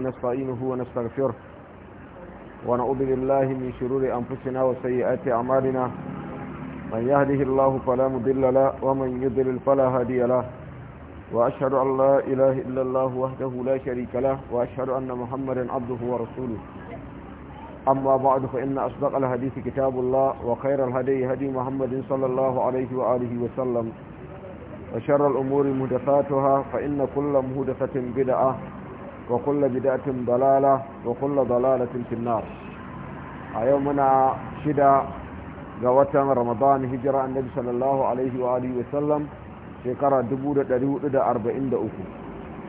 ونستعينه ونستغفره ونعوذ بالله من شرور أنفسنا وسيئات أعمالنا من يهده الله فلا مضل له ومن يضلل فلا هادي له وأشهد أن لا إله إلا الله وحده لا شريك له وأشهد أن محمدا عبده ورسوله أما بعد فإن أصدق الحديث كتاب الله وخير الهدي هدي محمد صلى الله عليه وآله وسلم وشر الأمور مهدفاتها فإن كل مهدفة بدعة وكل بدعة ضلالة وكل ضلالة في النار أيومنا شدة قوة رمضان هجرة النبي صلى الله عليه وآله وسلم شكرا دبودة دبودة دا أربعين دا أكو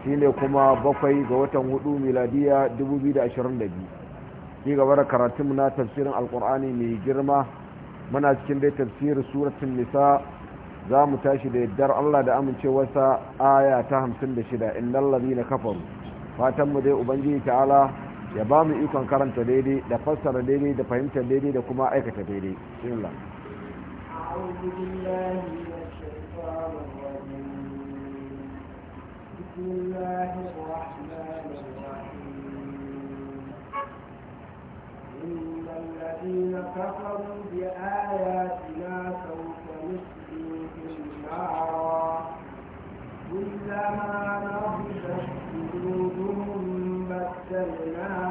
شيني كما بقي قوة هدو ميلادية دبودة دا أشرين دا بي في قبرة كراتمنا تفسير القرآن من جرمة من أسكن تفسير سورة النساء za mu tashi da yaddar Allah da amincewarsa aya ta 56 innal ladina kafaru fatan mu dai ubangiji ta'ala ya ba mu ikon karanta daidai da fassara daidai da fahimtar daidai da kuma aikata daidai bismillah أعوذ إن الذين كفروا بآياتنا سوف نارا كلما نضجت أرسلناه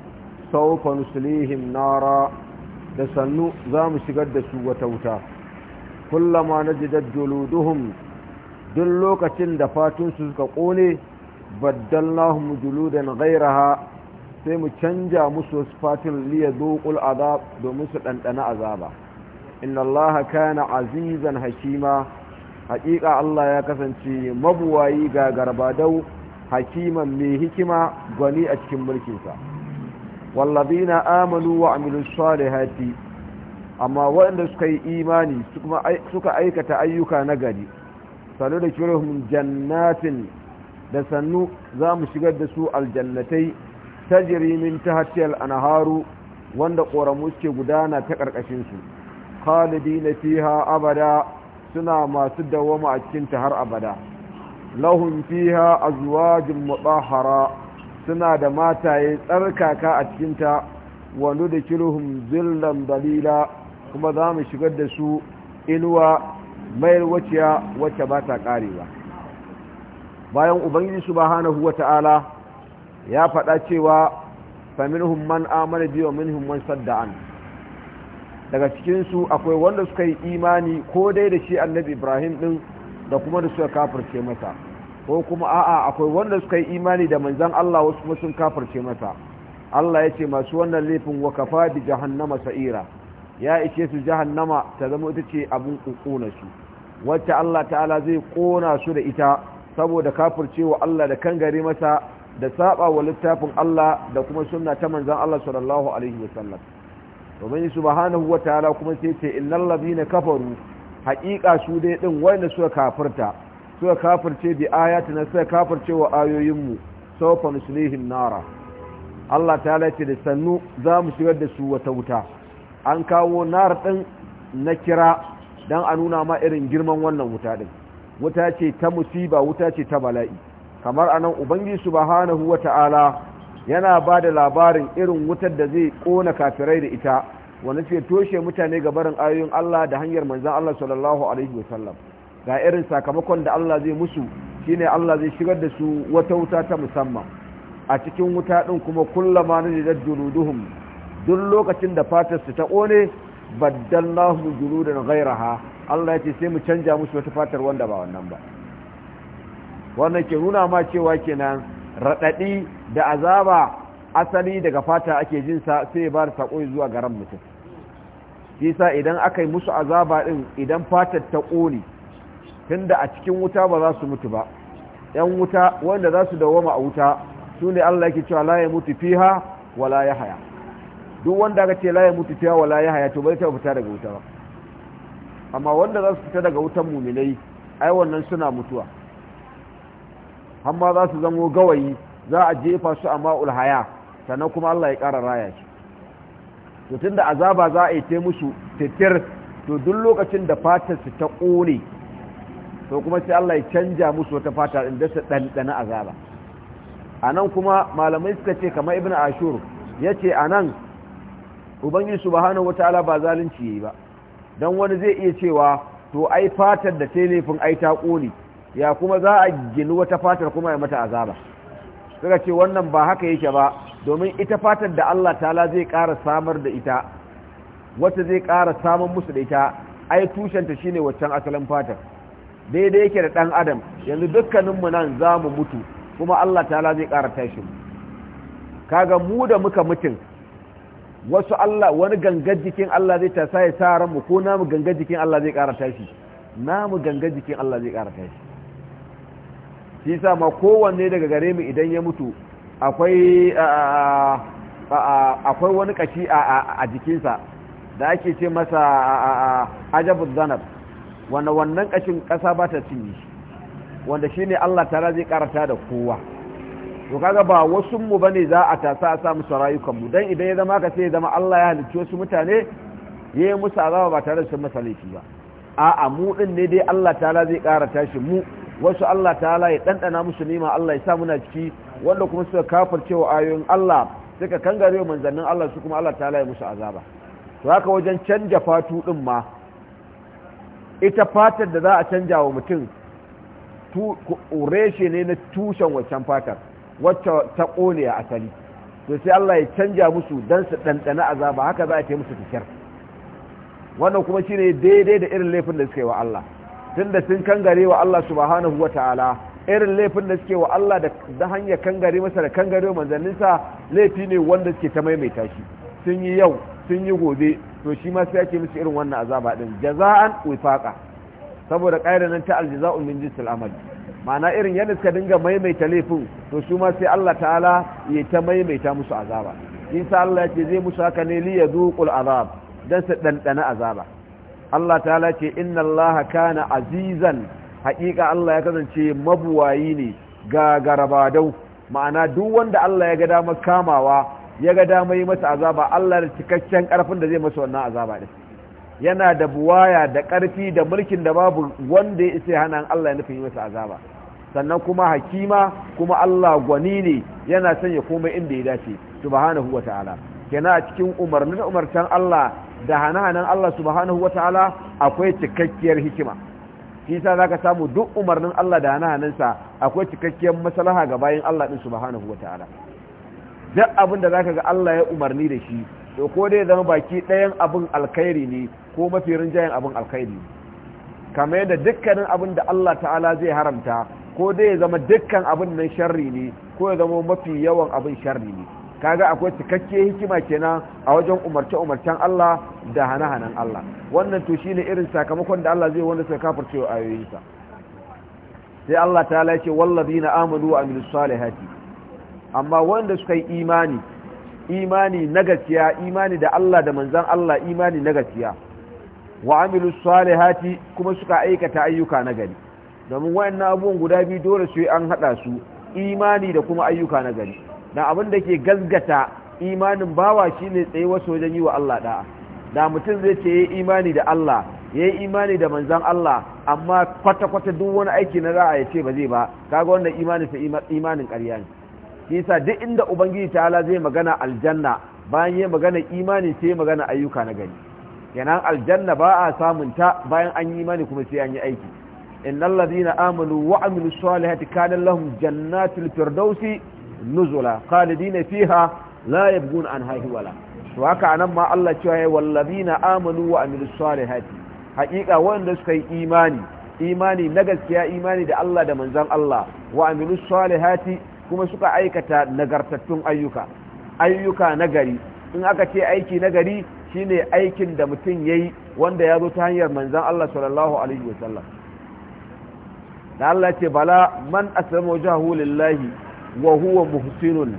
saufa nuslihim nara da sannu za mu shigar da su wata wuta kullama na juluduhum duk lokacin da fatunsu suka ƙone baddallahum juludan ghairaha sai mu canza musu wasu fatin liya zoƙul azab domin su ɗanɗana azaba inna allaha kana azizan hakima haƙiƙa allah ya kasance mabuwayi ga garbadau hakiman mai hikima gwani a cikin mulkinsa na amanu wa amilus salihati amma waɗanda suka yi imani suka aikata ayyuka na gari sanu da jannatin da sannu za mu shigar da su aljannatai tajiri min tahtiyal anharu wanda ƙoramu suke gudana ta karkashin su khalidina fiha abada suna masu dawama a cikin ta har abada lahum fiha azwajun mutahhara suna da mataye tsarkaka a cikinta da nudkiluhum zillan dalila kuma za mu shigar da su inuwa mayar waciya wacce ba ta karewa bayan ubangiji subhanahu wata'ala ya faɗa cewa faminhum man amana bi wa minhum man sadda'an daga cikin su akwai wanda suka yi imani ko dai da shi annabi Ibrahim din da kuma da suka kafirce masa ko kuma a'a akwai wanda suka yi imani da manzan Allah wasu kuma sun kafirce masa Allah ya ce masu wannan laifin wa kafa bi jahannama sa'ira ya ishe su jahannama ta zama ita ce abin kokona su wacce Allah ta'ala zai kona su da ita saboda wa Allah da kan kangare masa da saba wa littafin Allah da kuma sunna ta manzan Allah sallallahu alaihi wasallam domin subhanahu wa ta'ala kuma sai ce innal ladina kafaru haqiqa su dai din wanda suka kafirta suka kafirce bi na suka kafirce wa ayoyinmu sawfa nuslihin nara Allah ta lace da sannu za mu shigar da su wata wuta an kawo nara ɗin na kira don a nuna ma irin girman wannan wuta ɗin. wuta ce ta musiba wuta ce ta bala'i kamar a anan ubangiji subhanahu ta'ala yana ba da labarin irin wutar da zai ƙona kafirai da ita wanda suke toshe mutane ga barin ayoyin Allah da hanyar manzan Allah sallallahu alaihi wasallam ga irin sakamakon da Allah zai musu shine Allah zai shigar da su wata wuta ta musamman a cikin wuta din kuma kullama da juluduhum duk lokacin da fatar su ta kone baddallahu juludan ghayraha Allah yace sai mu canja musu wata fatar wanda ba wannan ba wannan ke nuna ma cewa kenan radadi da azaba asali daga fata ake jin sa sai ba ta sako zuwa garan mutum shi idan aka yi musu azaba din idan fatar ta kone tunda a cikin wuta ba za su mutu ba yan wuta wanda za su dawoma a wuta su ne Allah yake cewa la ya mutu fiha wala ya haya duk wanda aka ce la ya mutu fiha wala ya haya to bai ta fita daga wuta ba amma wanda za su fita daga wutan muminai ai wannan suna mutuwa amma za su zamo gawayi za a jefa su a ma'ul haya sannan kuma Allah ya ƙara raya shi to tunda azaba za a yi ta musu titir to duk lokacin da fatar su ta ƙone to kuma sai Allah ya canja musu wata fata inda su ɗanɗana azaba anan kuma malamai suka ce kamar ibn ashur yace anan a nan ubangiji subhanahu wataala ba zalunci yayi ba dan wani zai iya cewa to ai fatar da ta laifin ai ta kone ya kuma za a gini wata fatar kuma ya mata azaba suka ce wannan ba haka yake ba domin ita fatar da Allah ta'ala zai ƙara samar da ita wata zai ƙara samun musu da ita ai tushenta shine waccan asalin fatar daidai yake da ɗan adam yanzu dukkaninmu nan za mu mutu kuma Allah ta zai ƙara tashi kaga mu da muka mutum wasu Allah wani gangar jikin Allah zai ta ya sa ko namu gangar jikin Allah zai ƙara tashi namu gangar jikin Allah zai ƙara tashi shi sa ma kowanne daga gare mu idan ya mutu akwai akwai wani kashi a jikinsa da ake ce masa ajabu zanab wanda wannan kashin kasa ba ta cinye shi wanda shi ne Allah tara zai karata da kowa to kaga ba wasu mu bane za a tasa a sa musu rayukan mu dan idan ya zama ka sai ya zama Allah ya halicci wasu mutane Ya yi musu azaba ba tare da sun masa laifi ba a'a mu din ne dai Allah ta'ala zai karata shi mu wasu Allah ta'ala ya ɗanɗana musu nima Allah ya sa muna ciki wanda kuma suka kafirce wa ayoyin Allah suka kangare manzannin Allah su kuma Allah ta ya musu azaba to haka wajen canja fatu din ma ita fatar da za a canja wa mutum reshe ne na tushen waccan fatar wacce ta ƙone a asali to sai Allah ya canja musu don su ɗanɗana azaba haka za a ta musu fikir wannan kuma shine daidai da irin laifin da suke wa Allah tunda sun kangare wa Allah subhanahu wa ta'ala irin laifin da suke wa Allah da hanyar kangare masa da kangare manzanninsa laifi ne wanda suke ta maimaita shi sun yi yau sun yi gobe to shi ma sai ake musu irin wannan azaba din jaza'an wifaqa saboda ƙaira nan ta aljaza'u min jinsil amali ma'ana irin yadda suka dinga maimaita laifin to su ma sai Allah ta'ala ya ta maimaita musu azaba isa Allah yake zai musu haka ne li yaduqul azab dan su dandana azaba Allah ta'ala ce inna Allah kana azizan haqiqa Allah ya kasance mabuwayi ne ga garabadau ma'ana duk wanda Allah ya ga damar kamawa ya ga dama yi masa azaba Allah da cikakken karfin da zai masa wannan azaba din yana da buwaya da karfi da mulkin da babu wanda ya isa hana Allah ya nufin yi masa azaba sannan kuma hakima kuma Allah gwani ne yana ya komai inda ya dace subhanahu wataala kenan a cikin umarnin umartan Allah da hana-hanan Allah subhanahu wataala akwai cikakkiyar hikima shi yasa zaka samu duk umarnin Allah da hana-hanansa akwai cikakkiyar masalaha ga bayin Allah din subhanahu wataala duk abin da zaka ga Allah ya umarni da shi to ko dai zama baki ɗayan abin alkhairi ne ko mafi rinjayen abin alkhairi ne kamar yadda dukkanin abin da Allah ta'ala zai haramta ko dai ya zama dukkan abin nan sharri ne ko ya zama mafi yawan abin sharri ne kaga akwai cikakke hikima kenan a wajen umarce-umarcen Allah da hana-hanan Allah wannan to shine irin sakamakon da Allah zai wanda sai kafirce ayoyinsa sai Allah ta'ala ya ce wallazina amanu wa amilus salihati amma wanda suka yi imani imani na gaskiya imani da Allah da manzan Allah imani na gaskiya wa amilu salihati kuma suka aikata ayyuka na gari domin wayannan abun guda biyu dole su an hada su imani da kuma ayyuka na gari dan abin da ke gazgata imanin bawa ne tsaye wasu wajen yi wa Allah da'a da mutum zai ce yayi imani da Allah yayi imani da manzan Allah amma kwata kwata duk wani aiki na ra'a ya ce ba zai ba kaga wannan imanin sa imanin ƙarya ne shi yasa duk inda ubangiji ta'ala zai magana aljanna bayan yi magana imani sai magana ayyuka na gari yanan aljanna ba a samun ta bayan an yi imani kuma sai an yi aiki innal ladina amanu wa amilus salihati kana lahum jannatul firdausi nuzula khalidina fiha la an anha hiwala to haka anan ma Allah cewa ya wallazina amanu wa amilus salihati haƙiƙa wanda suka yi imani imani na gaskiya imani da Allah da manzon Allah wa amilus salihati kuma suka aikata nagartattun ayyuka ayyuka nagari in aka ce aiki nagari shine aikin da mutum yayi wanda ya zo ta hanyar manzon Allah sallallahu alaihi wasallam da Allah ce bala man aslama wajhahu lillahi wa huwa muhsinun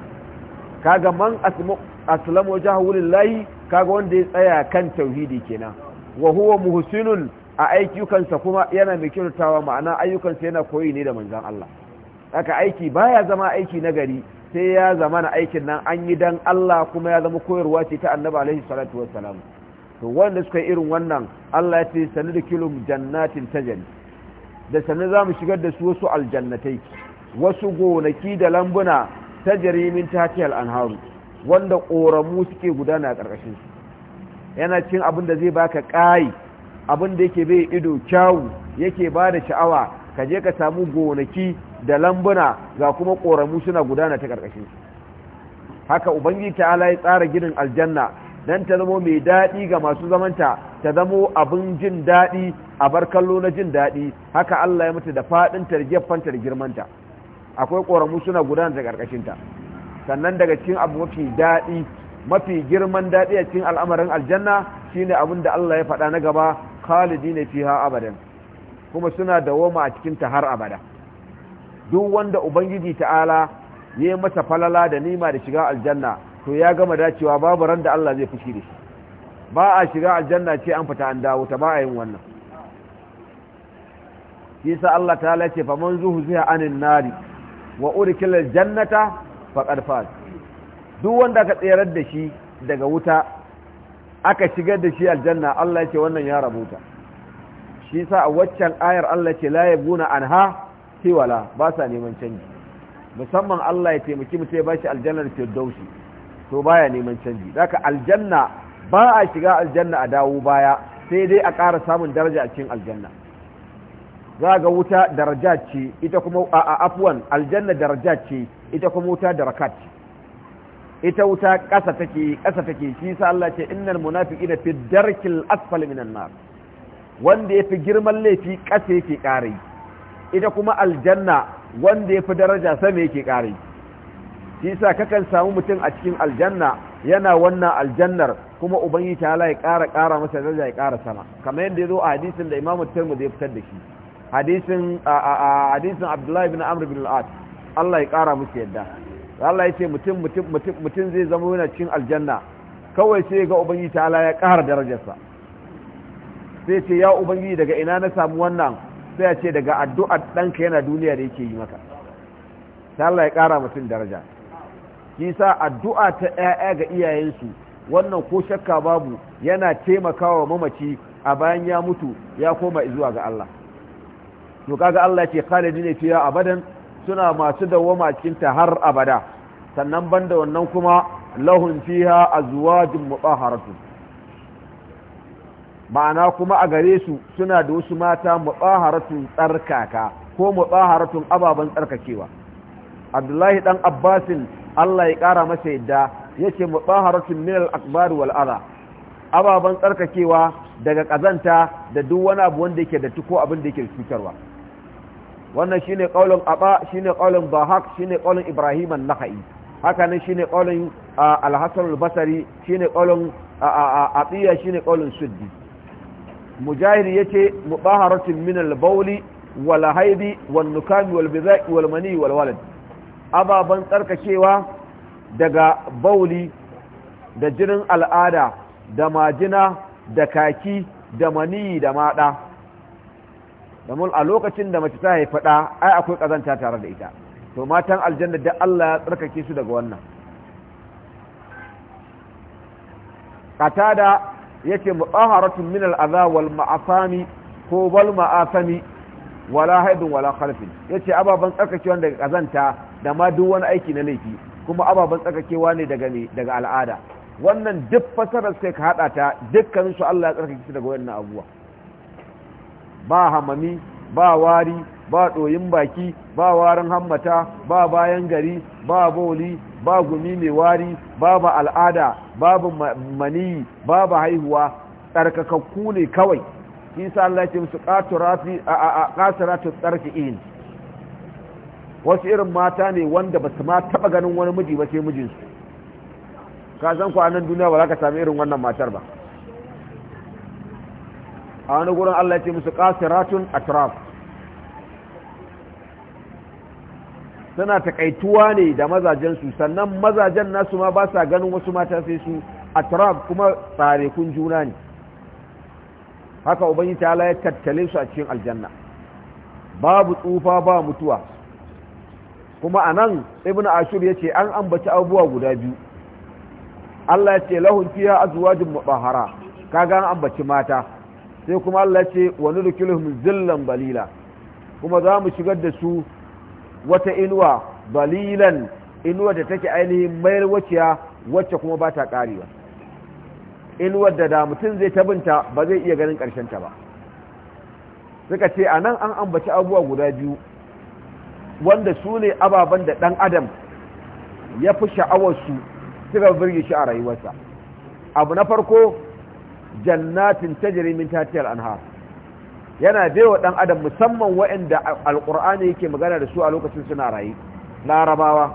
kaga man aslama wajhahu lillahi kaga wanda ya tsaya kan tauhidi kenan wa huwa muhsinun a ayyukansa kuma yana mai kyautatawa ma'ana ayyukansa yana koyi ne da manzon Allah haka aiki baya zama aiki nagari sai ya zama na aikin nan an yi dan Allah kuma ya zama koyarwa ce ta annabi alaihi salatu wassalam to wanda suka yi irin wannan Allah ya ce sanadukilum jannatin tajri da sanin za mu shigar da su wasu aljannatai wasu gonaki da lambuna ta jarimin tatiyar anharu wanda ƙoramu suke gudana a karkashin su yana cin abin da zai baka kai abin da yake bai ido kyawu yake bada sha'awa ka je ka samu gonaki da lambuna ga kuma ƙoramu suna gudana ta ƙarƙashin haka ubangiji ala ya tsara ginin aljanna dan ta zamo mai daɗi ga masu zamanta ta zamo abin jin daɗi a bar kallo na jin daɗi haka Allah ya mutu da faɗin tarjefanta da girmanta akwai ƙoramu suna gudana ta ƙarƙashinta sannan daga cikin abu mafi daɗi mafi girman daɗi a cikin al'amarin aljanna shine abin da Allah ya faɗa na gaba khalidi ne fiha abadan kuma suna da dawoma a cikin ta har abada duk wanda ubangiji ta'ala ya yi masa falala da nima da shiga aljanna to ya gama dacewa babu ran da Allah zai fushi da shi ba a shiga aljanna ce an fita an dawo ta ba a yin wannan yasa Allah ta'ala ce fa man zuha anin nari wa urkila aljannata faqad faz duk wanda ka tsayar da shi daga wuta aka shigar da shi aljanna Allah ya ce wannan ya rabuta shi sa a waccan ayar Allah ce la yabuna anha tiwala ba sa neman canji musamman Allah ya taimaki mu mutum ya shi aljannar firdausi to baya neman canji zaka aljanna ba a shiga aljanna a dawo baya sai dai a ƙara samun daraja a cikin aljanna za ga wuta daraja ce ita kuma a afwan aljanna daraja ce ita kuma wuta darakat ita wuta ƙasa take ƙasa take shi sa Allah ce innal munafiqina fi darkil asfali minan nar wanda ya fi girman laifi ƙasa yake ƙare ita kuma aljanna wanda ya fi daraja sama yake ƙare shi sa kakan samu mutum a cikin aljanna yana wannan aljannar kuma yi ta ya ƙara ƙara masa daraja ya ƙara sama kamar yadda ya zo a hadisin da imamu tirmidhi zai fitar da shi hadisin hadisin abdullahi bin amr bin al Allah ya ƙara musu yadda Allah ya ce mutum mutum mutum zai zama yana cikin aljanna kawai sai ga yi ta ya ƙara darajarsa sai ce ya ubangiji daga ina na samu wannan sai ya ce daga addu'a ɗanka yana duniya da yake yi maka ta Allah ya ƙara mutum daraja sa addu'a ta ‘ya'ya ga iyayensu wannan ko shakka babu yana taimakawa mamaci a bayan ya mutu ya koma zuwa ga Allah to ga Allah ce khalidi ne fiya abadan suna masu dawwama cikin ta har abada sannan banda wannan kuma lahun fiha azwajun mutahharatun ma'ana kuma a gare su suna da wasu mata mutsaharatun tsarkaka ko mutsaharatun ababen tsarkakewa abdullahi dan abbasin allah ya kara masa yadda ya ce mutsaharatun minal akbari wal ala ababen tsarkakewa daga kazanta da duk wani abu wanda yake da tuko abin da yake cutarwa wannan shine qaulun aba shine qaulun bahak shine qaulun ibrahim an nahai haka nan shine qaulun ah, al-hasan al-basri shine qaulun ah, ah, atiya shine qaulun suddi mujahid yace mu min al Bauli wal haidi wan nukam wal bidai wal mani wal walad ababan tsarkakewa daga bauli da jinin al'ada da majina da kaki da mani da mada domin a lokacin da mace ta haifaɗa ai akwai ƙazanta tare da ita to matan aljanna da Allah ya tsarkake su daga wannan katada yace mutaharatun min al'adha wal ma'asami ko wal ma'asami wala haidun wala khalfin yace ababan tsarkakewa daga kazanta da ma duk wani aiki na laifi kuma ababan tsarkakewa ne daga ne daga al'ada wannan duk fasarar sai ka hada ta dukkan su Allah ya tsarkake shi daga wannan abuwa ba hamami ba wari ba ɗoyin baki ba warin hammata ba bayan gari ba boli ba gumi mai wari babu al'ada babu maniyi babu haihuwa tsarkakakku ne kawai isa Allah ce musu tsarki tsarki'in wasu irin mata ne wanda ba su ma taɓa ganin wani miji ba sai mijinsu ka zan ku a nan duniya ba za ka sami irin wannan matar ba a wani gurin Allah ce musu ƙasiratun atraf suna takaituwa ne da mazajen su sannan mazajen nasu ma ba sa ganin wasu mata sai su a atrab kuma tsarekun juna ne haka ubangi ta ya tattale su a cikin aljanna babu tsufa ba mutuwa kuma anan ibnu ashur ce an ambaci abubuwa guda biyu Allah yace lahum fiha azwajun mutahhara kaga an ambaci mata sai kuma Allah yace wa nudkhiluhum zillan balila kuma za mu shigar da su wata inuwa balilan inuwar da take ainihin mayar waciya wacce kuma ba ta karewa inuwar da da mutum zai tabinta ba zai iya ganin ƙarshen ta ba suka ce a nan an ambaci abubuwa guda biyu wanda su ne ababen da ɗan adam ya fi sha'awarsu suka birge shi a rayuwarsa abu na farko jannatin ta jarimin tatiyar anhar yana baiwa dan adam musamman waɗanda alqur'ani yake magana da su a lokacin suna rayi larabawa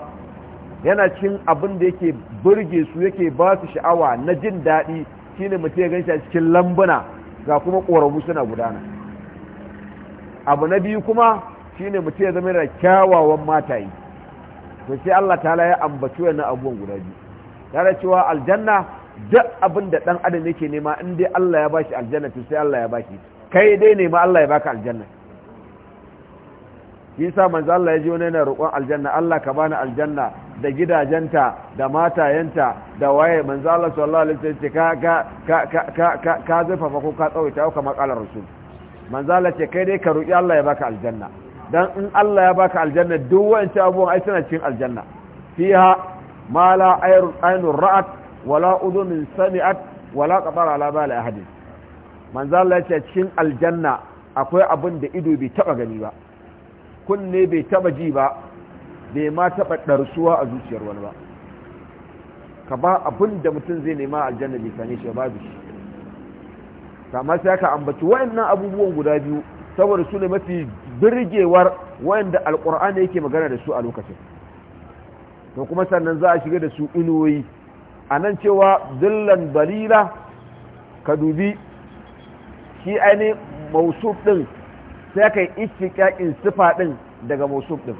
yana cin abin da yake burge su yake ba su sha'awa na jin daɗi shine mutum ya ganshi a cikin lambuna ga kuma ƙoramu suna gudana abu na biyu kuma shine mutum ya zama da kyawawan mataye to sai Allah ta'ala ya ambaci wannan abubuwan guda biyu tare cewa aljanna duk abin da dan adam yake nema in dai Allah ya bashi aljanna to sai Allah ya bashi kai dai ne ma Allah ya baka aljanna yasa manzo Allah ya ji wani yana roƙon aljanna Allah ka bani aljanna da gidajenta da matayenta da waye manzo Allah sallallahu alaihi wasallam ka ka ka ka ka ka zafafa ko ka tsawaita ko kamar qala rasul manzo Allah ce kai dai ka roƙi Allah ya baka aljanna dan in Allah ya baka aljanna duk wancan abubuwan ai suna cikin aljanna fiha ma la ayru ra'at wala udhun sami'at wala ka, ala bali ahadin manzo Allah cikin aljanna akwai abin da ido bai taba gani ba kunne bai taba ji ba bai ma taba darsuwa a zuciyar wani ba ka ba abin da mutum zai nema aljanna bai same shi bi shi kama sai ka ambaci wayannan abubuwan guda biyu saboda su ne mafi birgewar wayanda alqur'ani yake magana da su a lokacin to kuma sannan za a shiga da su inuwoyi a nan cewa dillan balila ka dubi shi ainihin mausuf din sai ka yi istiƙaƙin sifa din daga mausuf din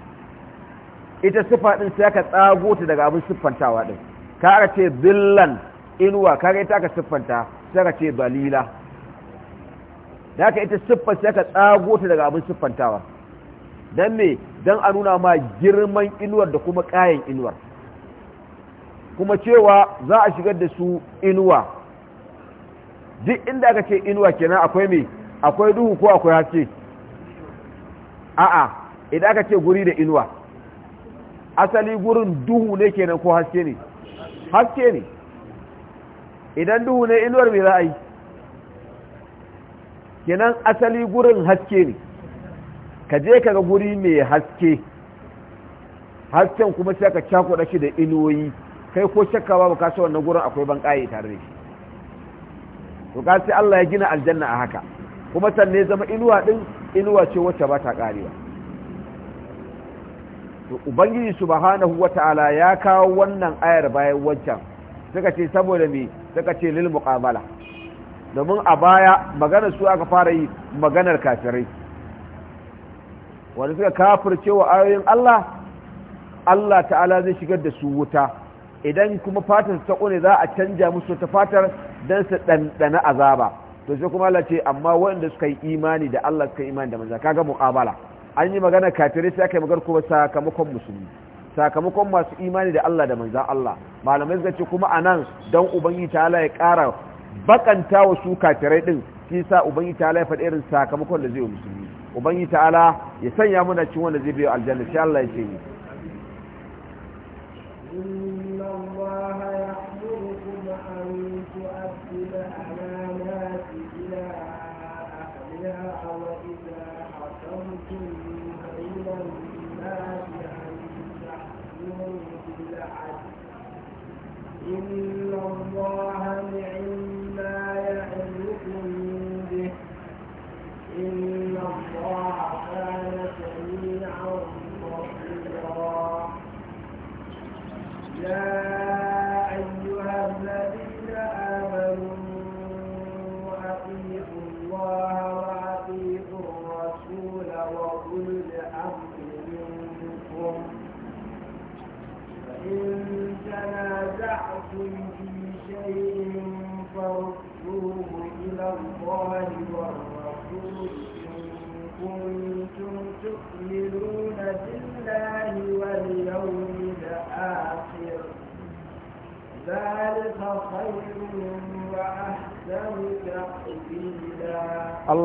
ita sifa din sai ka tsago ta daga abin siffantawa din ka aka ce billan inuwa ka ita ka siffanta sai ka ce balila da ka ita siffa sai ka tsago ta daga abin siffantawa don me don a nuna ma girman inuwar da kuma kayan inuwar kuma cewa za a shigar da su inuwa duk inda aka ce inuwa kenan akwai me akwai duhu ko akwai haske a'a idan aka ce guri da inuwa asali gurin duhu ne kenan ko haske ne haske ne idan duhu ne inuwar me za a yi kenan asali gurin haske ne ka je ka ga guri mai haske hasken kuma sai ka cakuɗa shi da inuwoyi kai ko shakka babu ka wannan gurin akwai ban ƙaye tare da shi to ka sai Allah ya gina aljanna a haka kuma sanne zama inuwa din inuwa ce wacce ba ta karewa to ubangiji subhanahu wata'ala ya kawo wannan ayar bayan wancan suka ce saboda me suka ce lil muqabala domin a baya maganar su aka fara yi maganar kafirai wanda suka kafirce wa ayoyin Allah Allah ta'ala zai shigar da su wuta idan kuma fatar ta kone za a canja musu ta fatar don su ɗanɗana azaba to shi kuma Allah ce amma waɗanda suka yi imani da Allah suka yi imani da manzan kaga mu'amala an yi magana kafirai sai aka yi magana kuma sakamakon musulmi sakamakon masu imani da Allah da manzan Allah malamai suka ce kuma anan don ubangiji ta ya ƙara bakanta wa su kafirai din shi sa ubangiji ta ya faɗi irin sakamakon da zai yi musulmi ubangiji ta'ala ya sanya muna cin wanda zai biyo aljanna sai Allah ya ce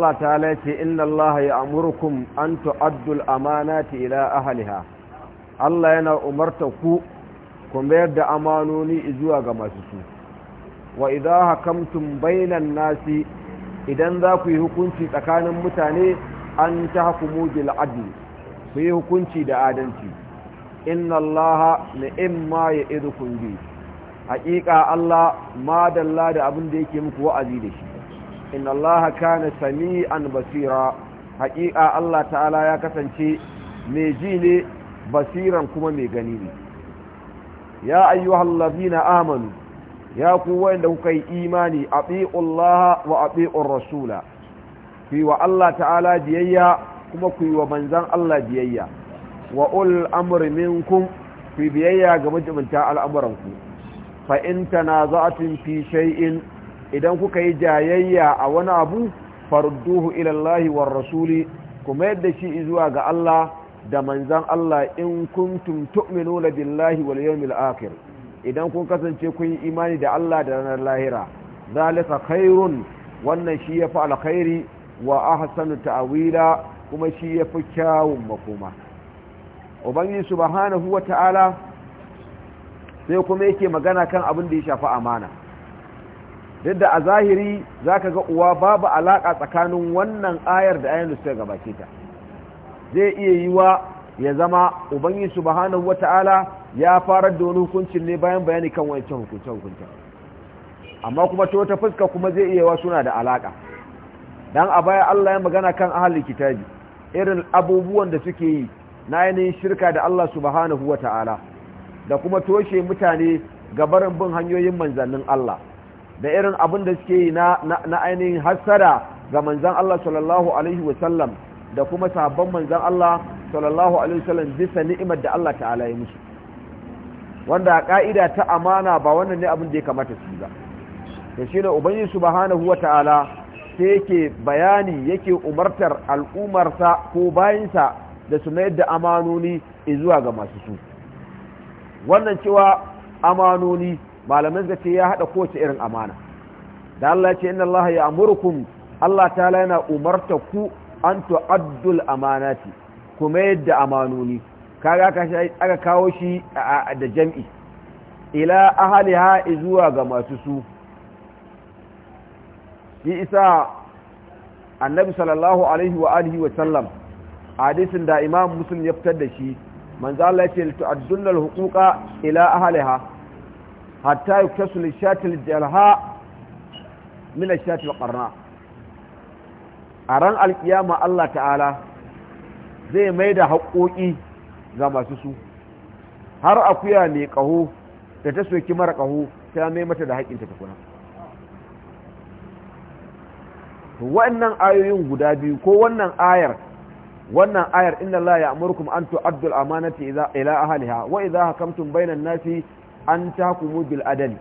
Allah ta ya ce inna Allah ya amurkum an tu'addul amanati ila ahliha Allah yana umarta ku ku mayar da amanoni zuwa ga masu su wa idza hakamtum bainan nasi idan za ku yi hukunci tsakanin mutane an tahkumu bil adl ku yi hukunci da adalci inna Allah ni'ma ya'idukum bi haqiqa Allah ma da abin da yake muku wa'azi da shi inna allaha kana sami'an basira haƙiƙa Allah ta'ala ya kasance mai ji ne basiran kuma mai gani ne ya ayyuhal ladina amanu ya ku wanda kuka yi imani atiullaha wa atiur rasula ku wa Allah ta'ala biyayya kuma ku wa manzan Allah biyayya wa ul amri minkum ku biyayya ga majibinta al'amuranku fa in tanaza'tum fi shay'in idan kuka yi jayayya a wani abu farduhu ilallahi war rasuli kuma da shi zuwa ga Allah da manzan Allah in kuntum tu'minuna billahi wal yawmil akhir idan kun kasance kun yi imani da Allah da ranar lahira zalika khairun wannan shi yafi alkhairi wa ahsanu ta'wila kuma shi yafi kyawun makoma ubangi subhanahu wa ta'ala sai kuma yake magana kan abin da ya shafi amana duk da a zahiri za ka ga uwa babu alaƙa tsakanin wannan ayar da ayar da suka baki ta zai iya yi wa ya zama su subhanahu wata'ala ya farar da wani hukuncin ne bayan bayani kan wancan hukunce hukuncin amma kuma ta fuska kuma zai iya wa suna da alaƙa dan a baya Allah ya magana kan ahli kitabi irin abubuwan da suke yi na ainihin shirka da Allah subhanahu ta'ala da kuma toshe mutane gabarin bin hanyoyin manzannin Allah da irin abin da suke yi na ainihin hassada ga manzan Allah sallallahu alaihi wasallam da kuma sabon manzan Allah sallallahu alaihi wasallam bisa ni'imar da Allah ta'ala ya musu wanda ka'ida ta amana ba wannan ne abin da ya kamata su ba da shi shine ubangiji subhanahu ta'ala sai yake bayani yake umartar al'umarsa ko bayansa da su mayar da amanoni zuwa ga masu su wannan cewa amanoni malamin zace ya hada kowace irin amana da Allah ya ce inna Allah ya amurkum Allah ta'ala yana umarta ku an tu'addul amanati kuma yadda amanoni kaga ka shi aka kawo shi da jam'i ila ahliha zuwa ga masu su shi isa annabi sallallahu alaihi wa alihi wa sallam hadisin da imam muslim ya fitar da shi manzo Allah ya ce al huquqa ila ahliha hatta yuktasu lishatil jalha min lishatil qarna a ran alkiyama Allah ta'ala zai mai da haƙoƙi ga masu su har akuya mai ƙaho da ta soki mara kaho ta mai mata da haƙinta tukuna wannan ayoyin guda biyu ko wannan ayar wannan ayar inna la ya'murukum an tu'addu al-amanati ila ahliha wa idha hakamtum bainan nasi an takumu bil adali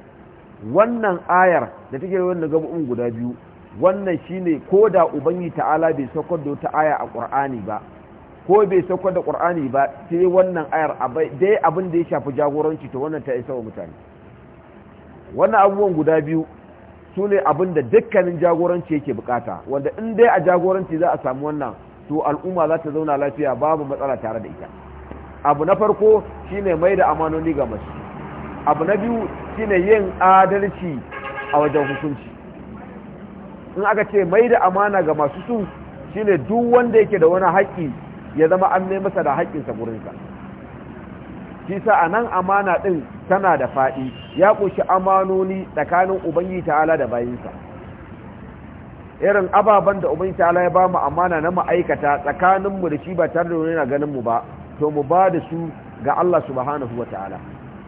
wannan ayar da take wannan gabu'un guda biyu wannan shine ko da ubangi ta'ala bai saukar da wata aya a qur'ani ba ko bai saukar da qur'ani ba sai wannan ayar dai abin da ya shafi jagoranci to wannan ta isa wa mutane wannan abubuwan guda biyu su ne abin da dukkanin jagoranci yake bukata wanda in dai a jagoranci za a samu wannan to al'umma za ta zauna lafiya babu matsala tare da ita abu na farko shine mai da amanoni ga masu abu na biyu shine yin adalci a wajen hukunci in aka ce mai da amana ga masu su shine duk wanda yake da wani haƙƙi ya zama an mai masa da haƙƙinsa gurinsa shi sa a nan amana ɗin tana da faɗi ya ƙunshi amanoni tsakanin ubangi ta'ala da bayinsa irin ababen da ubangi ta'ala ya ba mu amana na ma'aikata tsakaninmu da shi ba tare da wani na ganinmu ba to mu ba da su ga Allah subhanahu wa ta'ala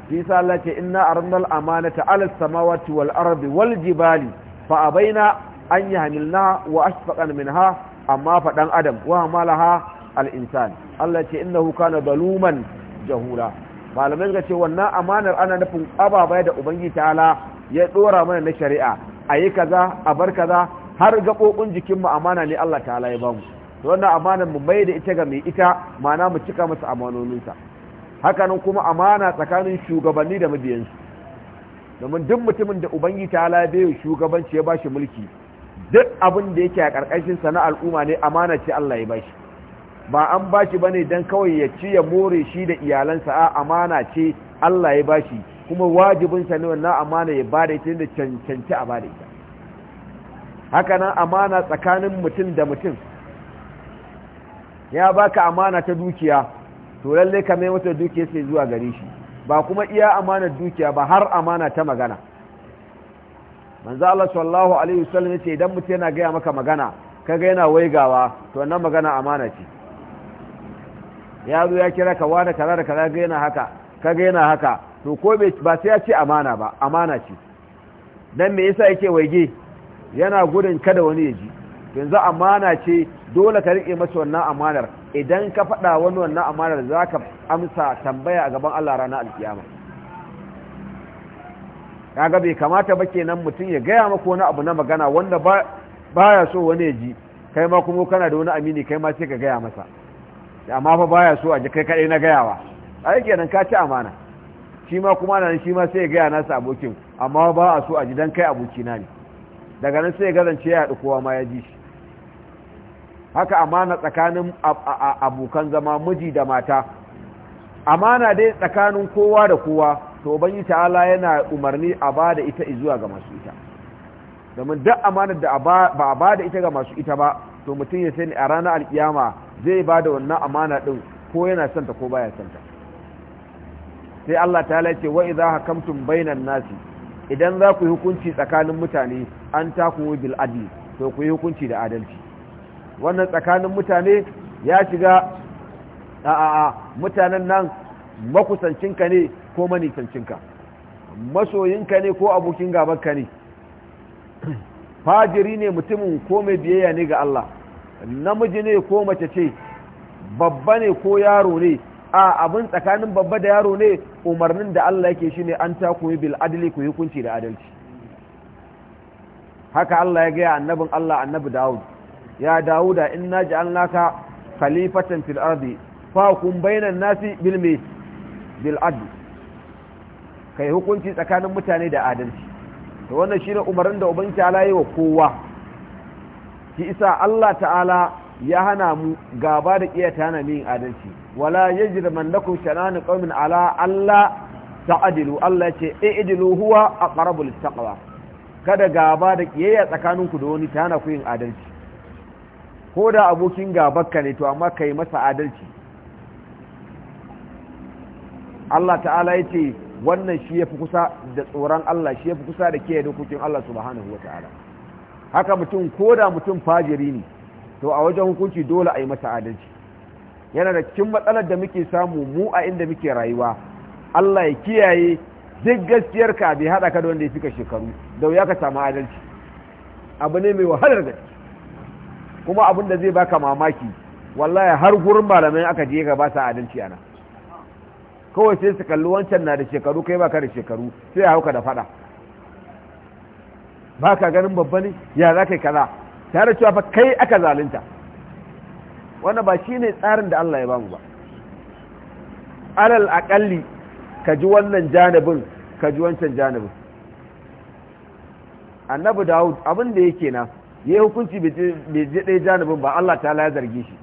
shi yasa Allah ce inna arnal amanata ala samawati wal ardi wal jibali fa abaina an yahmilna wa asfaqan minha amma fa dan adam wa hamalaha al insan Allah ce innahu kana zaluman jahula malamai ga ce wannan amanar ana nufin ababai da ubangiji ta'ala ya dora mana na shari'a ayi kaza a bar kaza har ga jikin mu amana ne Allah ta'ala ya bamu to wannan amanar mu mai da ita ga mai ita ma'ana mu cika masa amanoninsa hakanan kuma amana tsakanin shugabanni da mabiyansu domin duk mutumin da ubangi ta halabe shugabanci ya bashi mulki duk abin da yake a karkashin sana al'umma ne amana ce Allah ya bashi ba an bashi bane dan kawai ya ci ya more shi da iyalansa a amana ce Allah ya bashi kuma wajibin sa ne wannan amana ya bada ita da cancanci a bada ita hakanan amana tsakanin mutum da mutum ya baka amana ta dukiya to lalle ka mai mata dukiya sai zuwa gare shi ba kuma iya amana dukiya ba har amana ta magana manzo Allah sallallahu alaihi wasallam yace idan mutum yana gaya maka magana kaga yana waigawa to wannan magana amana ce ya zo ya kira ka wani kaza da kaza yana haka kaga yana haka to ko ba sai ya ce amana ba amana ce dan me yasa yake waige yana gurin kada wani ya ji yanzu amana ce dole ka rike masa wannan amanar idan ka faɗa wani wannan amanar za ka amsa tambaya a gaban Allah rana alkiyama kaga bai kamata ba kenan mutum ya gaya maka wani abu na magana wanda ba baya so wani ya ji kai ma kuma kana da wani amini kai ma sai ka gaya masa amma fa baya so a ji kai kaɗai na gayawa ai kenan ka ci amana shi ma kuma nan shi ma sai ya gaya nasa abokin amma ba a so a ji dan kai abokina ne daga nan sai ya gazance ya haɗu kowa ma ya ji shi haka amana tsakanin abokan zama miji da mata amana dai tsakanin kowa da kowa to banyi ta'ala yana umarni a ba da ita zuwa ga masu ita domin duk amanar da ba a ba da ita ga masu ita ba to mutum ya sani a ranar alkiyama zai ba da wannan amana din ko yana santa ko baya santa sai Allah ta ce wa iza hakamtum bainan nasi idan za ku yi hukunci tsakanin mutane an taku bil adli to ku yi hukunci da adalci wannan tsakanin mutane ya shiga a mutanen nan makusancinka ne ko manisancinka masoyinka ne ko abokin gabanka ne fajiri ne mutumin ko mai biyayya ne ga Allah namiji ne ko mace ce babba ne ko yaro ne a abin tsakanin babba da yaro ne umarnin da Allah yake shi ne an ta koyi bil adli ku hukunci da adalci haka Allah ya gaya annabin Allah annabi Dawud ya dawuda inna ja'alnaka khalifatan fil ardi fahkum bainan nasi bil mi bil adl kai hukunci tsakanin mutane da adalci to wannan shine umarnin da ubanki ala yi wa kowa shi isa Allah ta'ala ya hana mu gaba da iya tana min adalci wala yajrimannakum shananu qaumin ala Allah ta'adilu Allah ce i'dilu huwa aqrabu lit taqwa kada gaba da tsakanin tsakaninku da wani tana ku yin adalci ko da abokin ka ne to amma ka yi masa adalci Allah ta'ala ya ce wannan shi ya fi kusa da tsoron Allah shi ya fi kusa da ke dokokin Allah subhanahu wa ta'ala haka mutum ko da mutum fajiri ne to a wajen hukunci dole a yi masa adalci yana da cikin matsalar da muke samu mu a inda muke rayuwa Allah ya kiyaye duk gaskiyarka bai haɗa ka da wanda ya fika shekaru da wuya ka samu adalci abu ne mai wahalar gaske kuma abin da zai baka mamaki wallahi har gurin malamai aka je ga ba sa adalci ana kawai sai su kalli wancan na da shekaru kai baka da shekaru sai hauka da fada baka ganin babba ne ya za ka kaza tare cewa fa kai aka zalunta wannan ba shi ne tsarin da Allah ya bamu ba alal akalli ka ji wannan janibin ka ji wancan janibin annabi Dawud abin da yake na ya yi hukunci bai je ɗaya janibin ba Allah ta ya zarge shi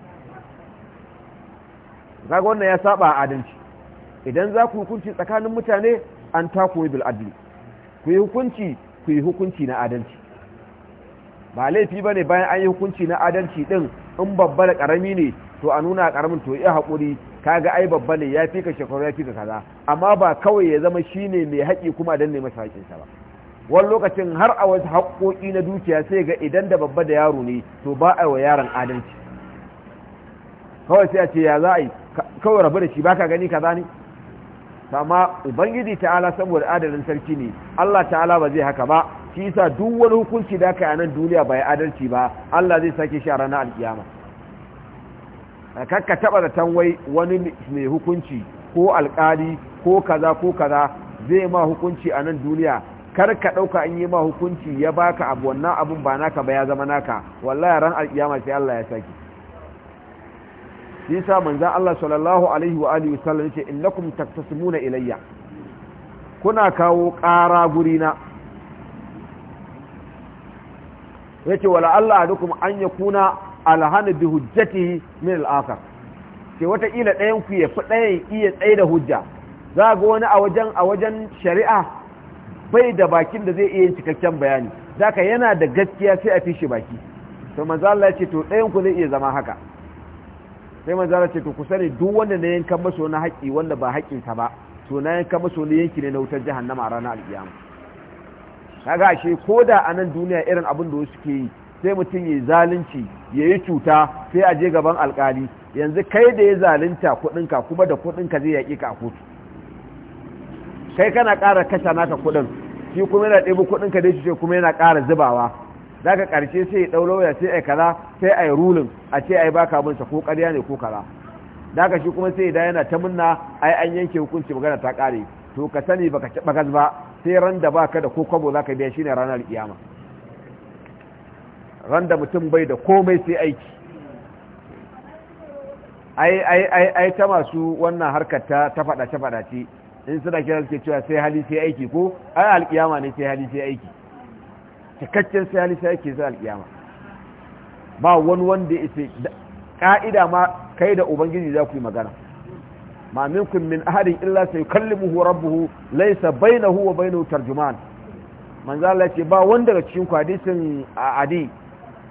zaga wannan ya saba a adalci idan za ku hukunci tsakanin mutane an ta koyi bil adli ku yi hukunci ku yi hukunci na adalci ba laifi ba ne bayan an yi hukunci na adalci ɗin in babba da ƙarami ne to a nuna ƙaramin to ya haƙuri ga, ai babba ne ya fi ka shekaru ya fi ka kaza amma ba kawai ya zama shine mai haƙi kuma dan ne masa haƙinsa ba wani lokacin har a wasu haƙoƙi na dukiya sai ga idan da babba da yaro ne to ba a wa yaron adalci kawai sai a ce ya za a yi kawai rabu da shi ba ka gani kaza ne amma ubangiji ta'ala saboda adalin sarki ne Allah ta'ala ba zai haka ba shi yasa duk wani hukunci da aka yi a nan duniya bai adalci ba Allah zai sake shi a ranar alkiyama kakka taɓa da tanwai wani mai hukunci ko alkali ko kaza ko kaza zai ma hukunci a nan duniya kar ka ɗauka an yi ma hukunci ya baka abu wannan abun ba naka ba ya zama naka wallahi ran alƙiyama sai Allah ya saki shi manzon Allah sallallahu alaihi wa alihi wasallam yace innakum taktasimuna ilayya kuna kawo ƙara na yace wala Allah adukum an yakuna alhana bi hujjatihi min al-akhar ce wata ila ɗayan ku ya fi ɗayan iya tsaye da hujja za ga wani a wajen a wajen shari'a bai da bakin da zai iya yin cikakken bayani zaka yana da gaskiya sai a fi baki to manzo Allah ya ce to ɗayan ku zai iya zama haka sai manzo Allah ya ce to ku sani duk wanda ne yanka maso na haƙi wanda ba haƙin ka ba to na yanka maso ne yanki ne na wutar jahannama a ranar alƙiyama kaga ashe koda a nan duniya irin abin da wasu ke yi sai mutum ya zalunci ya yi cuta sai a je gaban alƙali yanzu kai da ya zalunta kuɗinka kuma da kuɗinka zai yaƙi ka a kotu kai kana ƙara kasha naka kuɗin shi kuma yana ɗebo kuɗin ka da shi kuma yana ƙara zubawa za ka ƙarshe sai ya ɗau lauya sai ai kaza sai ai rulin a ce ai baka abinsa ko ƙarya ne ko kaza da ka shi kuma sai ya yana ta munna ai an yanke hukunci magana ta ƙare to ka sani baka ci bagaz ba sai ran da baka da ko kwabo za ka biya shine ranar kiyama ran da mutum bai da komai sai aiki ai ai ai ai ta masu wannan harkar ta ta faɗace-faɗace in suna kira suke cewa sai hali sai aiki ko ai alkiyama ne sai hali sai aiki cikakken sai hali sai aiki sai alkiyama ba wani wanda ya ce ka'ida ma kai da ubangiji za ku yi magana ma minkum min ahadin illa sai kallimuhu rabbuhu laysa bainahu wa bainahu tarjuman manzo Allah ce ba wanda daga cikin hadisin adi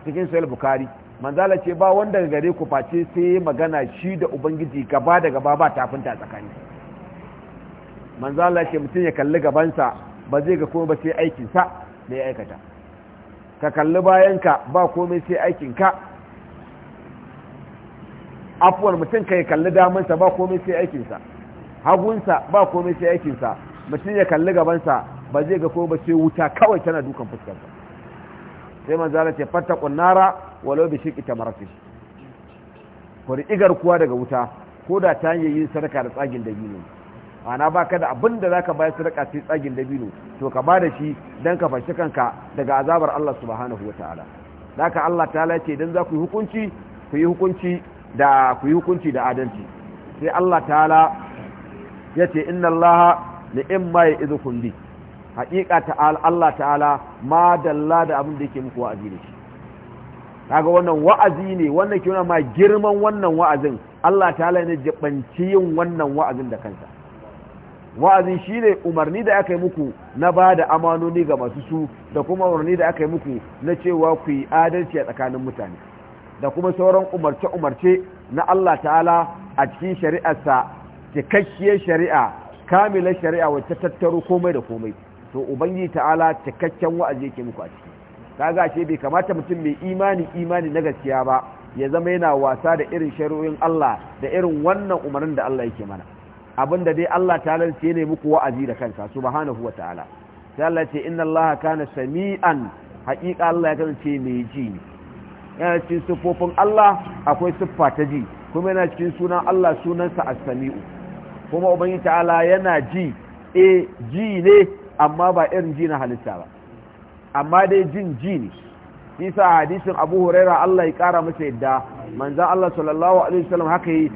cikin sahih bukhari manzo Allah ce ba wanda daga gare ku face sai magana shi da ubangiji gaba da gaba ba tafinta tsakani manzo Allah ce mutum ya kalli gabansa ba zai ga komai ba sai aikinsa da ya aikata ka kalli bayanka ba komai sai aikinka afuwar mutum ka ya kalli damansa ba komai sai aikinsa hagunsa ba komai sai aikinsa mutum ya kalli gabansa ba zai ga komai ba sai wuta kawai tana dukan fuskarsa sai manzo Allah ce fatta kunnara walau bi shiqi tamaratin kuri igar kuwa daga wuta ko da ta hanyar yin sadaka da tsagin dabino ma'ana ba ka da abin da za ka bayar su raka sai tsagin dabino to ka ba da shi don ka fashe kanka daga azabar Allah subhanahu wa ta'ala da ka Allah ta'ala ce don za ku yi hukunci ku yi hukunci da ku yi hukunci da adalci sai Allah ta'ala ya ce inna Allah ma ya izu bi haƙiƙa ta'ala Allah ta'ala ma dalla da abin da yake muku wa'azi da shi kaga wannan wa'azi ne wannan ke ma girman wannan wa'azin Allah ta'ala ne jibanci yin wannan wa'azin da kansa wa'azi ne umarni da aka yi muku na ba da amanoni ga masu su da kuma umarni da aka yi muku na cewa ku yi adalci a tsakanin mutane da kuma sauran umarce-umarce na Allah ta'ala a cikin shari'arsa cikakkiyar shari'a kamilar shari'a wacce tattaro komai da komai to ubangi ta'ala cikakken wa'azi yake muku a ciki kaga ce bai kamata mutum mai imani imani na gaskiya ba ya zama yana wasa da irin shari'o'in Allah da irin wannan umarnin da Allah yake mana da dai Allah ta'ala ce ne muku wa'azi da kansa subhanahu wa ta'ala sai Allah ce inna Allah kana sami'an haƙiƙa Allah ya kasance mai ji yana cikin siffofin Allah akwai siffa ta ji kuma yana cikin sunan Allah sunansa as-sami'u kuma ubangiji ta'ala yana ji e ji ne amma ba irin ji na halitta ba amma dai jin ji ne isa hadisin Abu Huraira Allah ya kara masa yadda manzo Allah sallallahu alaihi wasallam haka yi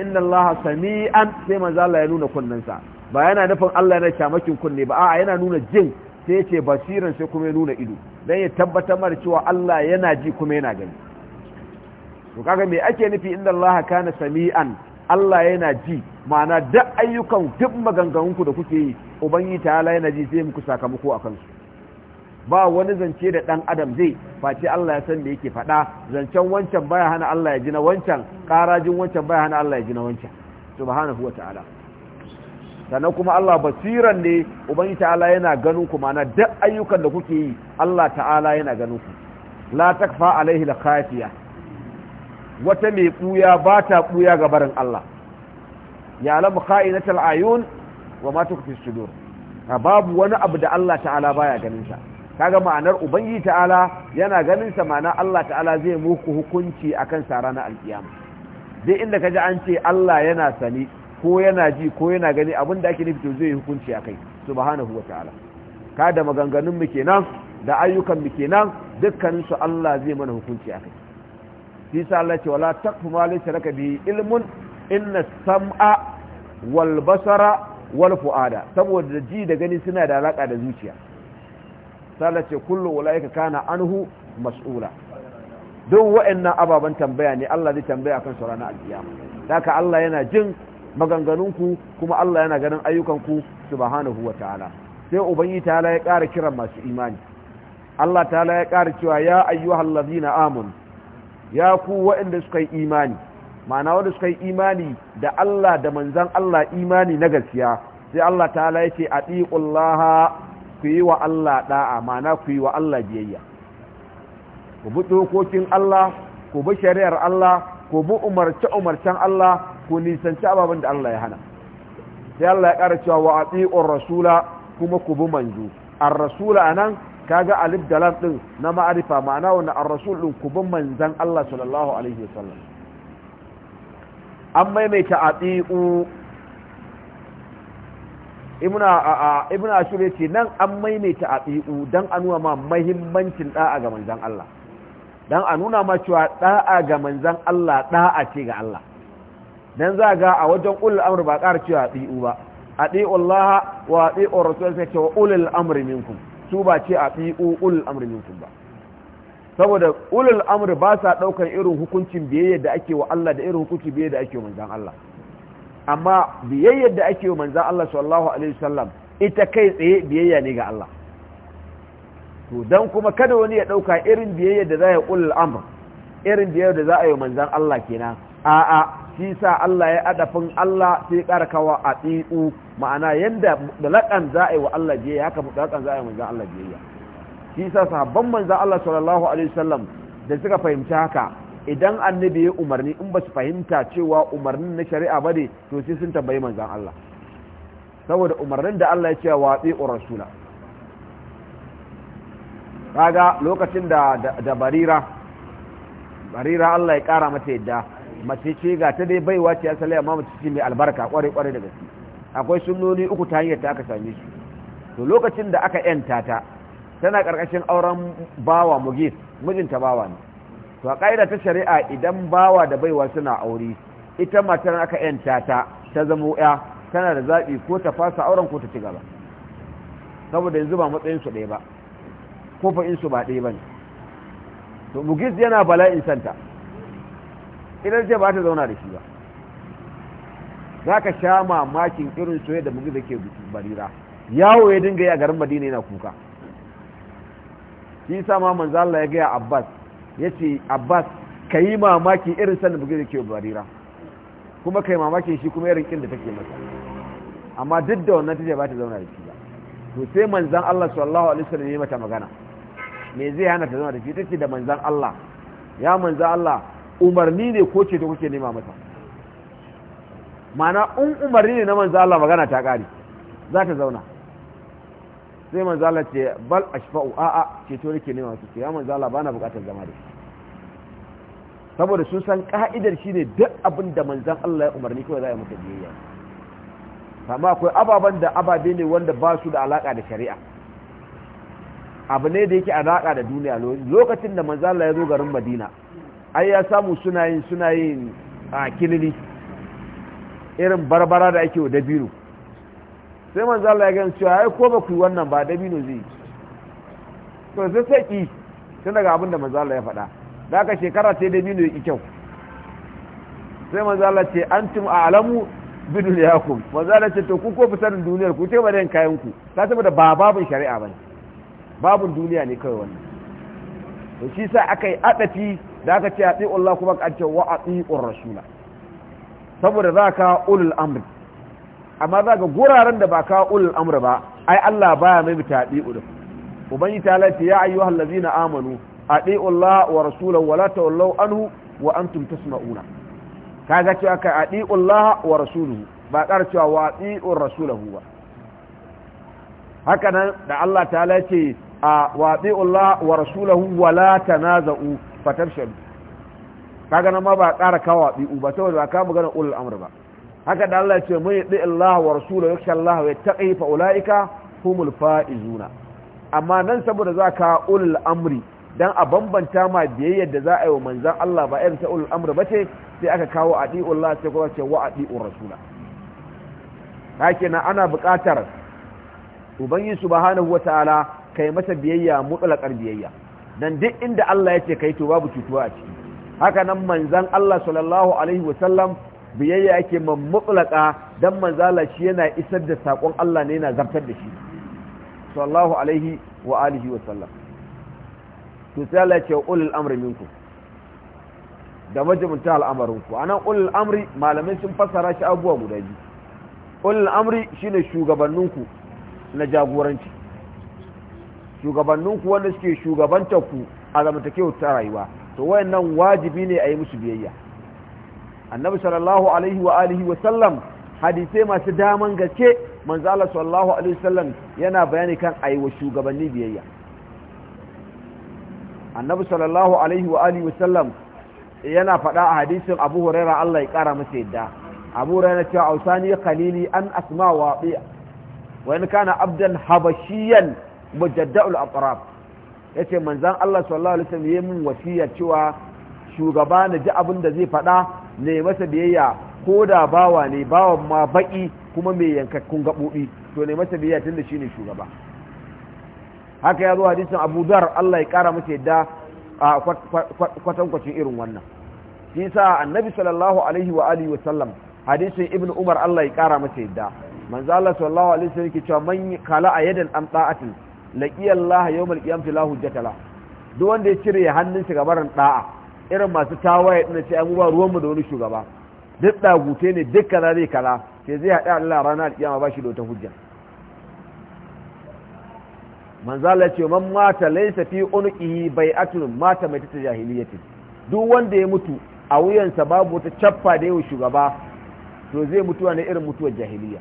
inna Allah sami'an sai manzo Allah ya nuna kunnensa ba yana nufin Allah yana kyamakin kunne ba a'a yana nuna jin sai yace basiran sai kuma ya nuna ido dan ya tabbatar mara cewa Allah yana ji kuma yana gani to kaga me ake nufi inna Allah kana sami'an Allah yana ji ma'ana duk ayyukan duk maganganunku da kuke yi ubangiji ta yana ji sai muku sakamako akan su ba wani zance da ɗan adam zai face Allah ya san da yake faɗa zancen wancan baya hana Allah ya ji na wancan ƙarajin wancan baya hana Allah ya ji na wancan subhanahu wa ta'ala sannan kuma Allah basiran ne ubangi ta'ala yana ganin ku mana duk ayyukan da kuke yi Allah ta'ala yana ganin ku la takfa alaihi la khafiya wata mai ɓuya ba ta ɓuya ga barin Allah ya alamu kha'inatul ayun wa ma tukfi sudur babu wani abu da Allah ta'ala baya ganin sa kaga ma'anar ubangiji ta'ala yana ganin sa ma'ana Allah ta'ala zai muku hukunci akan sarana ranar alkiyama dai inda kaji an ce Allah yana sani ko yana ji ko yana gani abin da ake nufi to zai hukunci akai subhanahu ta'ala ka da maganganun mu kenan da ayyukan mu kenan dukkanin su Allah zai mana hukunci akai shi sa Allah ce wala taqfu ma laysa laka bi ilmun inna sam'a wal basara wal fu'ada saboda ji da gani suna da alaka da zuciya sala ce kullu walaika kana anhu mas'ula duk wa'annan ababan tambaya ne Allah zai tambaya kan sura na alkiyama haka Allah yana jin maganganun ku kuma Allah yana ganin ayyukan ayyukanku subhanahu ta'ala sai ubangi ta'ala ya ƙara kiran masu imani Allah ta'ala ya ƙara cewa ya ayyuhal ladina amun ya ku waɗanda suka yi imani ma'ana wanda suka yi imani da Allah da manzon Allah imani na gaskiya sai Allah ta'ala ya ce atiqullaha ku yi wa Allah da'a mana ku yi wa Allah biyayya ku bi dokokin Allah ku bi shari'ar Allah ku bi umarce umarcen Allah ku nisanci ababen da Allah ya hana sai Allah ya ƙara cewa wa ati'ur rasula kuma ku bi manzo ar-rasula anan kaga alif da din na ma'arifa ma'ana wannan ar-rasul din ku bi manzan Allah sallallahu alaihi wasallam an maimaita ati'u ibn ashur ya ce nan an maimaita a tsi'u don a nuna ma mahimmancin ɗa'a ga manzan Allah don a nuna ma cewa ɗa'a ga manzan Allah ɗa'a ce ga Allah don za ga a wajen ulul amur ba ƙara cewa a tsi'u ba a tsi'u Allah wa a tsi'u rasul sai cewa ulul amur minkum su ba ce a tsi'u ulul amur minkum ba saboda ulul amur ba sa ɗaukar irin hukuncin biyayya da ake wa Allah da irin hukuncin biyayya da ake wa manzan Allah amma biyayyar da ake yi manzan Allah sallallahu alaihi wasallam ita kai tsaye biyayya ne ga Allah to dan kuma kada wani ya dauka irin biyayyar da za ya kullu Amur irin biyayyar da za a yi manzan Allah kenan a'a shi sa Allah ya adafin Allah sai karkawa a tsiku ma'ana yanda laƙan za a yi wa Allah biyayya haka mutlakan za a yi manzan Allah biyayya shi sa sahabban manzan Allah sallallahu alaihi wasallam da suka fahimci haka idan annabi ya umarni in ba su fahimta cewa umarnin na shari'a ba ne to sai sun tambayi manzan Allah saboda umarnin da Allah ya ce wa bi rasula kaga lokacin da da barira barira Allah ya kara mata yadda mace ce ga ta dai baiwa ce asali amma mace ce mai albarka kware kware da gaske akwai sunnoni uku ta hanyar ta aka same su to lokacin da aka yanta ta tana karkashin auren bawa mugis mijinta bawa ne to a ƙa'ida ta shari'a idan bawa da baiwa suna aure ita matar aka yanta ta ta zama ya tana da zaɓi ko ta fasa auren ko ta ci gaba saboda yanzu ba matsayin su ɗaya ba ko fa su ba ɗaya bane to mugis yana bala'in santa idan ce ba ta zauna da shi ba za ka sha mamakin irin soyayya da mugis ke barira yawo ya dinga yi a garin madina yana kuka shi sa ma manzo Allah ya gaya Abbas ya ce abbas ka yi mamaki irin sanda bugu da ke barira kuma ka yi mamaki shi kuma irin kin da take masa amma duk da wannan tace ba ta zauna da shi ba to sai manzan Allah sallallahu alaihi wasallam ya mata magana me zai hana ta zauna da shi ce da manzan Allah ya manzan Allah umarni ne ko ce to kuke nema mata ma'ana in umarni ne na manzan Allah magana ta kare za ta zauna sai manzala ce bal ashfa'u a'a ceto nake nema su ce ya manzala bana bukatar zama da shi saboda sun san ka'idar shine duk abin da manzan Allah ya umarni kawai za a yi masa biyayya amma akwai ababen da ababe ne wanda ba su da alaka da shari'a abu ne da yake alaka da duniya lokacin da manzala ya zo garin Madina ai ya samu suna yin suna a kilili irin barbara da ake wa dabiru sai manzo Allah ya gani cewa ai ko ba ku yi wannan ba dabino zai yi to sai sai ki tun daga abin da manzo Allah ya faɗa da aka shekara sai dabino ya ki kyau sai manzo Allah ce antum a'lamu bi dunyakum manzo Allah ce to ku ko fitar duniyar ku ce ba da kayan ku ta saboda ba babun shari'a bane babun duniya ne kawai wannan to shi sa aka yi da aka ce a Allah kuma ka ce wa a rasula saboda za ka ulul amri amma za ga guraren da ba kawo ulul amra ba ai Allah baya mai bitaɗi ulul ubangi ta lati ya ayyuhal ladzina amanu adi'u Allah wa rasulahu wa la tawallaw anhu wa antum tasma'una kaga cewa kai adi'u Allah wa rasuluhu ba kar cewa wa adi'u rasulahu ba haka nan da Allah ta lati a wa adi'u Allah wa rasulahu wa la tanaza'u fatabshadu kaga nan ma ba ƙara kawo adi'u ba saboda ba ka magana ulul amr ba haka da Allah ce mai yadda Allah wa rasuluhu yakhsha Allah wa yattaqi fa ulaika humul faizuna amma nan saboda zaka ulul amri dan a bambanta ma biyayyar da za a yi wa manzan Allah ba irin ta ulul amri ce sai aka kawo adi'ullah sai kuma ce wa adi'ur rasula haka na ana buƙatar ubangi subhanahu ta'ala kai masa biyayya mutlaqar biyayya dan duk inda Allah ya ce kai to babu cutuwa a ciki haka nan manzan Allah sallallahu alaihi biyayya ake ma mutlaka dan manzala shi yana isar da sakon Allah ne yana zartar da shi sallallahu alaihi wa alihi wa sallam to sai Allah ce ulul amri minkum da ta al'amarinku a nan ulul amri malamai sun fassara shi abubuwa guda biyu ulul amri shine shugabanninku na jagoranci shugabanninku wanda suke shugabantar ku a zamantakewar ta rayuwa to wayannan wajibi ne a yi musu biyayya annabi sallallahu alaihi wa alihi wa sallam hadisai masu daman gaske manzo Allah sallallahu alaihi yana bayani kan aiwa shugabanni biyayya annabi sallallahu alaihi wa alihi wa sallam yana faɗa a hadisin Abu Huraira Allah ya kara masa yadda Abu Huraira cewa ausani khalili an asma wa wa in kana abdan habashiyan mujadda'ul atraf yace manzo Allah sallallahu alaihi wa yayin wasiya cewa shugaba na ji abin da zai faɗa ne masa biyayya ko da bawa ne bawan ma baƙi kuma mai yankakkun gaɓoɓi to ne masa biyayya tun da shi ne shugaba haka ya zo hadisin abu dar allah ya ƙara masa yadda a kwatankwacin irin wannan shi sa annabi sallallahu alaihi wa alihi wa sallam hadisin ibnu umar allah ya ƙara masa yadda manzo allah sallallahu alaihi wa sallam ke cewa man kala a am an da'atin laqiya allah yawmal qiyamati la hujjata duk wanda ya cire hannunsa gabaran da'a irin masu tawaye ɗin ce an ba ruwanmu da wani shugaba duk ɗagute ne duk kaza zai kala sai zai haɗa Allah rana ma ba shi da wata hujja manzala ce man mata laisa fi unqihi bai'atun mata mai ta jahiliyyatin duk wanda ya mutu a wuyansa babu wata caffa da yau shugaba to zai mutuwa ne irin mutuwar jahiliya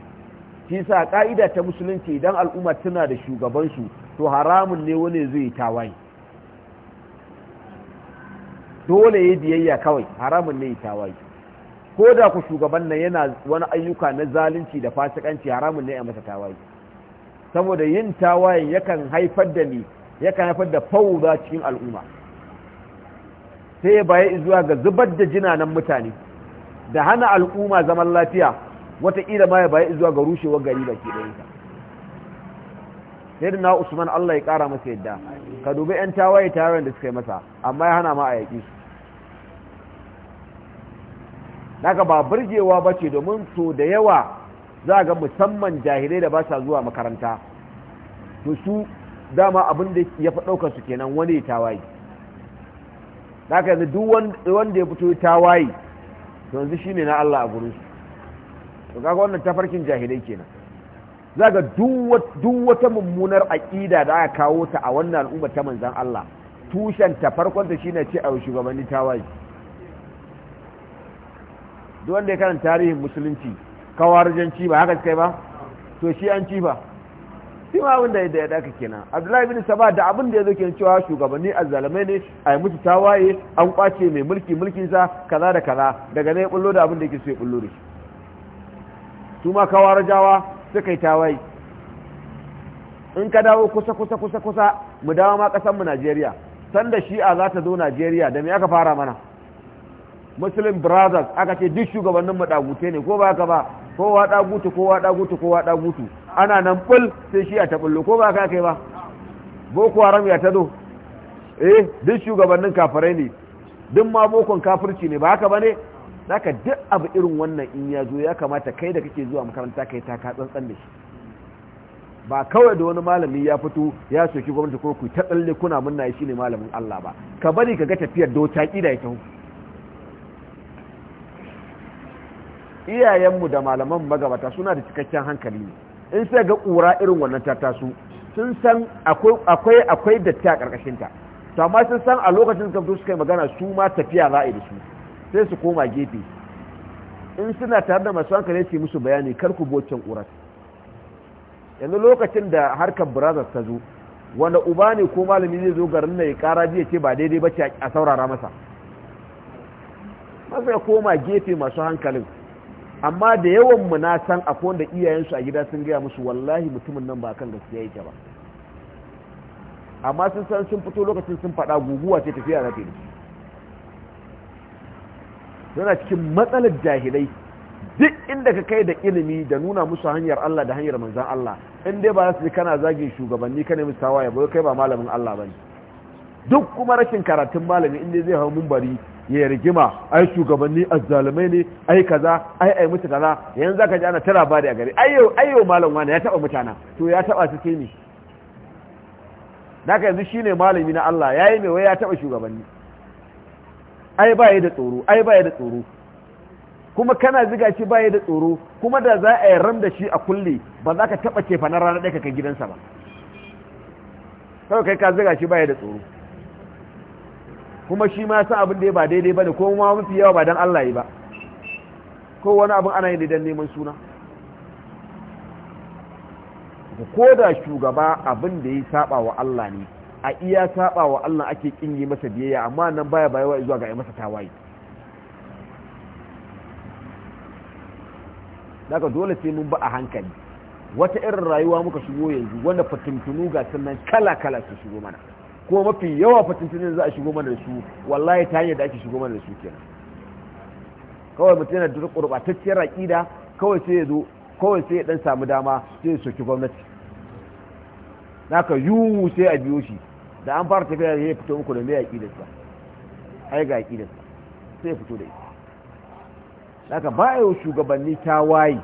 shi sa ka'ida ta musulunci idan al'umma tana da shugabansu to haramun ne wani zai tawaye dole ya biyayya kawai haramun ne tawaye ko da ku shugaban nan yana wani ayyuka na zalunci da fasikanci haramun ne a masa tawaye saboda yin tawaye yakan haifar da ni yakan haifar da fauza cikin al'umma sai ya baya zuwa ga zubar da jinanan mutane da hana al'umma zaman lafiya wataƙila ma ya baya zuwa ga rushewar gari baki ɗaya sai da na usman allah ya ƙara masa yadda ka dubi 'yan tawaye tawayen da suka yi masa amma ya hana ma a yaƙi su daga ba burgewa ba ce domin to da yawa za ga musamman jahilai da ba sa zuwa makaranta to su dama abin da ya fi ɗaukar su kenan wani ya tawaye daga yanzu duk wanda ya fito tawaye to yanzu shine na Allah a gurin su to kaga wannan tafarkin jahilai kenan za ga duk wata mummunar aƙida da aka kawo ta a wannan al'ummar ta manzan Allah tushen ta farkon ta shine ce a shugabanni tawaye duk wanda ya karanta tarihin musulunci kawarjanci ba haka kai ba to shi an ci ba shi ma abin da ya daka kenan abdullahi bin saba da abin da ya zo kenan cewa shugabanni azzalamai ne a yi mutu tawaye an kwace mai mulki sa kaza da kaza daga ne ya bullo da abin da yake so ya bullo da shi su ma kawarajawa suka yi tawaye in ka dawo kusa kusa kusa kusa mu dawo ma kasanmu najeriya sanda shi'a za ta zo najeriya da me aka fara mana muslim brothers aka ce duk shugabannin mu dagute ne ko ba ka ba kowa dagutu kowa dagutu kowa dagutu ana nan bul sai shi'a ta bullo ko ba ka kai ba boko haram ya ta zo eh duk shugabannin kafirai ne duk ma bokon kafirci ne ba haka bane zaka duk abu irin wannan in ya zo ya kamata kai da kake zuwa makaranta kai ta ka tsantsan da shi ba kawai da wani malami ya fito ya soki gwamnati ko ku ta tsalle kuna munna shi ne malamin Allah ba ka bari ka ga tafiyar wata kida ya taho iyayenmu da malaman magabata suna da cikakken hankali ne in sai ga kura irin wannan ta taso sun san akwai akwai datti a ta to amma sun san a lokacin da su kai magana su ma tafiya za a yi da su sai su koma gefe in suna tare da masu hankali su musu bayani kar ku bocin urat yanzu lokacin da harkar brothers ta zo wanda uba ne ko malami zai zo garin nan ya kara biya ce ba daidai ba ce a saurara masa masu ya koma gefe masu hankalin amma da yawan mu na san akwai wanda iyayensu a gida sun gaya musu wallahi mutumin nan ba kan gaskiya yake ba amma sun san sun fito lokacin sun faɗa guguwa ce tafiya na tafi yana cikin matsalar jahilai duk inda ka kai da ilimi da nuna musu hanyar Allah da hanyar manzan Allah in dai ba za su yi kana zagin shugabanni ka nemi tawaye ba kai ba malamin Allah ne. duk kuma rashin karatun malami in dai zai hau mumbari ya rigima ai shugabanni azzalumai ne ai kaza ai ai mutu kaza yanzu zaka ji ana tara ba da gari ayyo ayyo malam wani ya taba mutana to ya taba su sai ni naka yanzu shine malami na Allah yayi mai wai ya taba shugabanni ai ba ya da tsoro ai ba ya da tsoro kuma kana ziga shi ba ya da tsoro kuma da za a yi ram da shi a kulle ba za ka taɓa cefa na rana ɗaya ka kai gidansa ba kawai kai ka ziga shi ba ya da tsoro kuma shi ma san abin da ya ba daidai ba ne ko ma mafi yawa ba don Allah yi ba ko wani abin ana yi don neman suna ko da shugaba abin da ya saba wa Allah ne a iya saba wa Allah ake kin yi masa biyayya amma nan baya bayawa zuwa ga masa tawaye daga dole sai mun ba a hankali wata irin rayuwa muka shigo yanzu wanda fatintunu ga sannan kala kala su shigo mana ko mafi yawa fatintunu za a shigo mana da su wallahi ta hanyar da ake shigo mana da su kenan kawai mutum yana da gurbatacciyar aƙida kawai sai ya zo kawai sai ya dan samu dama sai ya soki gwamnati naka yuwu sai a biyo shi da an fara tafiya ya fito muku da mai yaƙi da su ai ga yaƙi da su sai ya fito da ita daga ba a yi shugabanni tawaye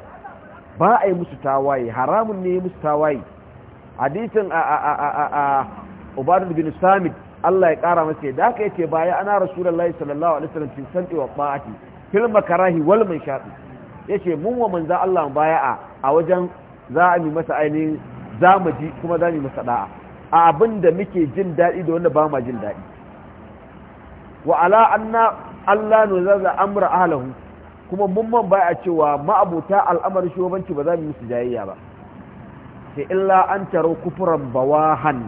ba a yi musu tawaye haramun ne musu tawaye hadisin a a a a a ubadu bin samit Allah ya kara masu da aka yace baya ana lai sallallahu alaihi sallam cin santi wa ba'ati Filma karahi wal ya yace mun wa manza Allah baya a wajen za a yi masa ainihin za mu ji kuma za mu yi masa da'a abin da muke jin daɗi da wanda ba ma jin daɗi wa ala anna Allah no zaza amra ahlahu kuma mun man baya cewa ma'abuta al'amar shugabanci ba za mu musu jayayya ba sai illa an taro kufuran bawahan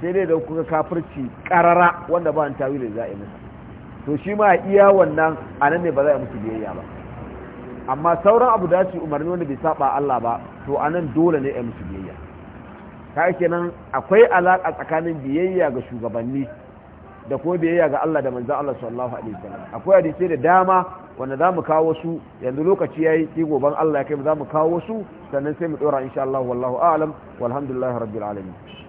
sai dai da kuka kafirci karara wanda ba an tawili za a yi musu to shi ma iya wannan a ne ba za a musu jayayya ba amma sauran abu da su umarni wanda bai saba Allah ba to anan dole ne a musu jayayya kai kenan akwai alaƙa tsakanin biyayya ga shugabanni da ko biyayya ga Allah da manzon Allah sallallahu alaihi wasallam akwai hadisi da dama wanda zamu kawo su yanzu lokaci yayi sai goban Allah ya kai mu zamu kawo su sannan sai mu dora insha Allah wallahu a'lam walhamdulillahi rabbil alamin